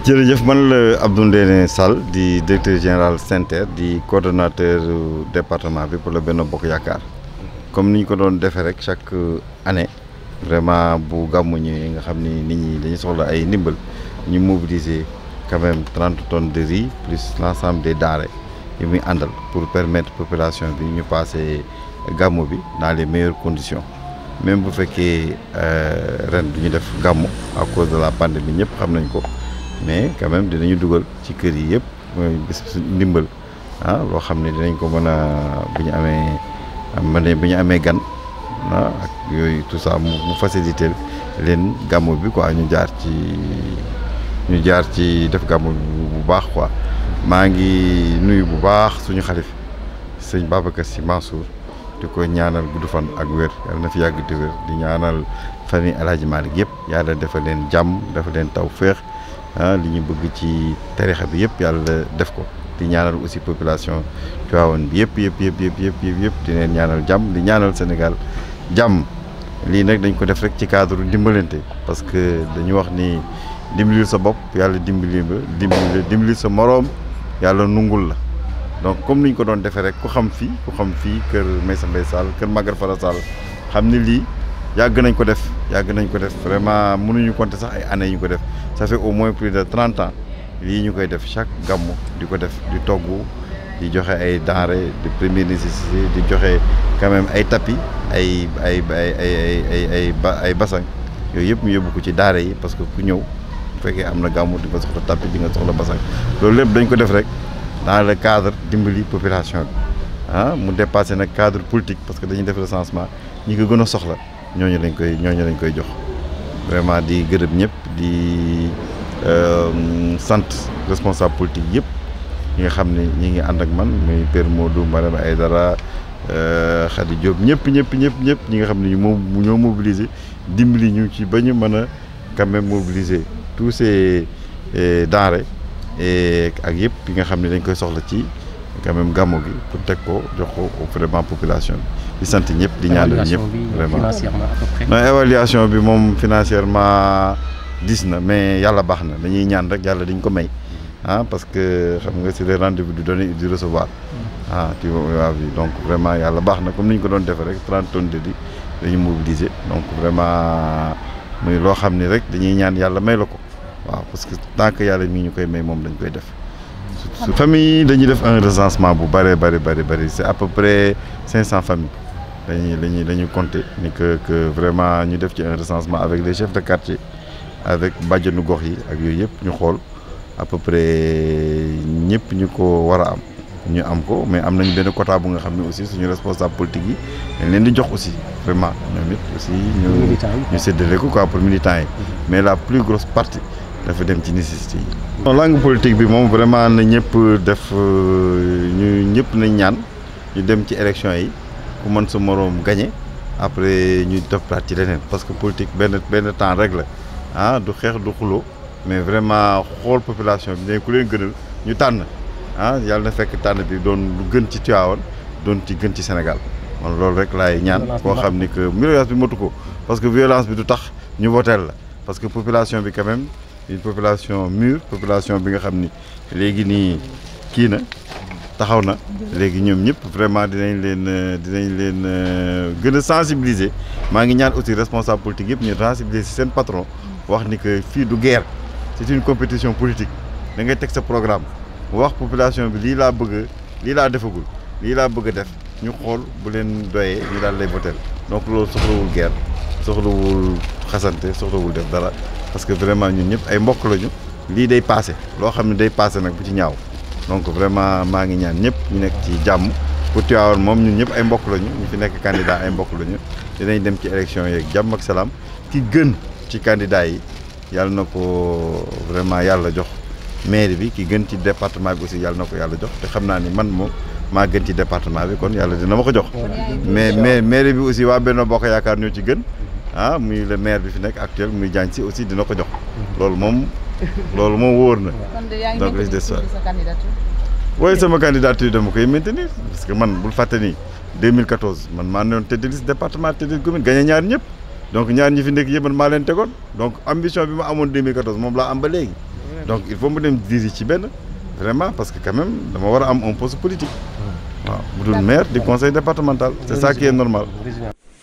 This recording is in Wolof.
jërëjëf man la Abdou Ndéné sal di directeur général SENTER di coordonnateur département bi pour le benn Bokk Yaakaar comme ni ñu ko doon defee rek chaque année vraiment bu gàmmu ñëwee nga xam ni nit ñi dañu soxla ay ndimbal ñu mobiliser quand trente tonnes de riz plus l' ensemble des denrées yu muy àndal pour permettre population bi ñu passé gàmmu bi dans les meilleures condition même bu fekkee euh, ren du ñu def gàmmu à cause de la pandémie ñëpp xam nañ ko. mais quand même dinañu dugal ci kër yi yëpp bis bés ndimbal ah loo xam ne dinañ ko mën a bu ñu amee mën bu ñu amee gan ah, ak yooyu tout ça mu faciliter leen gàmmu bi quoi ñu jaar ci ñu jaar ci def gàmmu bu baax quoi maa ngi nuyu bu baax suñu xalif sëñ Babacar Sy Mansour di ko ñaanal gudd fan ak wér yàlla na fi yàgg di wér di ñaanal famille El Hadj Malick yëpp yàlla dafa leen jàmm dafa leen taw féex ah li ñu bëgg ci tarixa bi yëpp yàlla def ko di ñaanal aussi population Tivaouane bi yëpp yëpp yëpp yëpp yëpp yëpp yëpp di ñaanal jàmm di ñaanal Sénégal jàmm lii nag dañ ko def rek ci cadre dimbalante parce que dañu wax ni dimbalil sa bopp yàlla dimbali ba dimbali dimbalil sa moroom yàlla nungul la donc comme li ñu ko doon defee rek ku xam fii ku xam fii kër sa Mbaye Sall kër Magar Fara Sall xam ni lii yàgg nañ ko def yàgg nañ ko def vraiment mënuñu compter sax ay années ñu ko def ça fait au moins plus de trente ans lii ñu koy def chaque gàmmu di ko def di togg di joxe ay denrées de première nécessité di joxe quand ay tapis ay ay ay ay ay ay ay bassin yooyu yëpp ñu yóbbu ko ci daara yi parce que ku ñëw bu fekkee am na gàmmu di nga soxla tapis di nga soxla bassin loolu lépp dañ ko def rek dans le cadre dimbali population bi ah mu dépassé nag cadre politique parce que dañu def recensement ñi ko gën a soxla. ñooñu lañ koy ñooñu lañ koy jox vraiment di gërëm ñëpp di euh, sant responsable politique yëpp ñu nga xam ne ñu ngi ànd ak man muy du Père Modou Marème Aydara euh, Khady Diop ñëpp ñëpp ñëpp ñëpp ñi nga xam ne moom ñoo mobiliser dimbali ñu ci ba ñu mën a quand même mobiliser tous ces euh, denrées ak yëpp yi nga xam ne dañ koy soxla ci quand même gàmmu gi pour teg ko jox ko vraiment population bi di sant ñëpp di ñaanal ñëpp vraiment non évaluation bi moom financièrement dis na mais yàlla baax na dañuy ñaan rek yàlla dañu ko may ah parce que xam nga si le rendez di du donner et du recevoir mm. ah, donc vraiment yàlla baax na comme ni ñu ko doon defee rek 30 tonnes de riz dañu mobiliser donc vraiment mooy loo xam ni rek dañuy ñaan yàlla may la ko waaw parce que tant que yàlla mi ñu koy may moom dañ koy def su famille dañuy def un recensement bu bëree bëri bëri bëri c'est à peu près 500 familles lañuy lañuy la ñuy compter ni que que vraiment ñu def ci un recensement avec les chefs de quartier avec nu gox yi ak yooyu yëpp ñu xool à peu près ñëpp ñu ko war a am ñu am ko mais am nañ benn quota bu nga xam ne aussi suñu responsable politique yi dañ leen di jox aussi vraiment ñoom it aussi ñu ñu séddale ko quoi pour militants yi mais la plus grosse partie dafa dem ci nécessité yi non langue politique bi moom vraiment na ñëpp def euh, ñu ñëpp nañ ñaan ñu dem ci élection yi ku mën sa moroom gagné après ñu def plaat ci leneen parce que politique benn benn temps rek la ah du xeex du xuloo mais vraiment xool population bi ne ku leen gënal ñu tànn ah yàlla na fekk tànn bi doon lu gën ci Tivaouane doon ci gën ci Sénégal man loolu rek laay ñaan koo xam ni que violence bi matu ko parce que violence bi du tax ñu voteel la parce que population bi quand même une population mûre population bi nga xam ni léegi nii kii na taxaw na léegi ñoom ñëpp vraiment dinañ leen dinañ leen euh, gën a sensibiliser maa ngi ñaan aussi responsable politique yëpp ñu sensibiliser si seen patron wax ni que fii du guerre c'est une compétition politique da ngay teg sa programme wax population bi lii laa bëgg lii laa defagul lii laa bëgg a def ñu xool bu leen doyee ñu daal lay voter donc loolu soxlawul guerre soxlawul xasante soxlawul def dara parce que vraiment ñun ñëpp ay mbokk lañu lii day passé loo xam ne day passé nag bu ci ñaaw donc vraiment maa ngi ñaan ñëpp ñu nekk ci jàmm pour Tivaouane moom ñun ñëpp ay mbokk lañu ñu fi nekk candidat ay mbokk lañu dinañ dem ci élection yeeg jàmm ak salaam ki gën ci candidat yi yàlla na ko vraiment yàlla jox maire bi ki gën ci département bi aussi yàlla na ko yàlla jox xam naa ni man moom maa gën département bi kon yàlla dina ma ko jox mais mais maire bi aussi waa benn Bokk Yaakaar ñoo ci gën ah muy le maire bi fi nekk actuel muy Diagne Sy aussi dina ko jox loolu moom loolu moom wóor na. donc li des waaw waaye sama candidature dama koy maintenir parce que man bul fàtte ni 2014 man maa ne woon tête de liste département tête de liste commune ñaar ñëpp donc ñaar ñi fi nekk yëpp maa leen tegoon donc ambition bi ma amoon 2014 moom laa am ba léegi. donc il faut mu dem diri ci benn vraiment parce que quand même dama war a am un poste politique hmm. waaw bu dul maire du conseil départemental c'est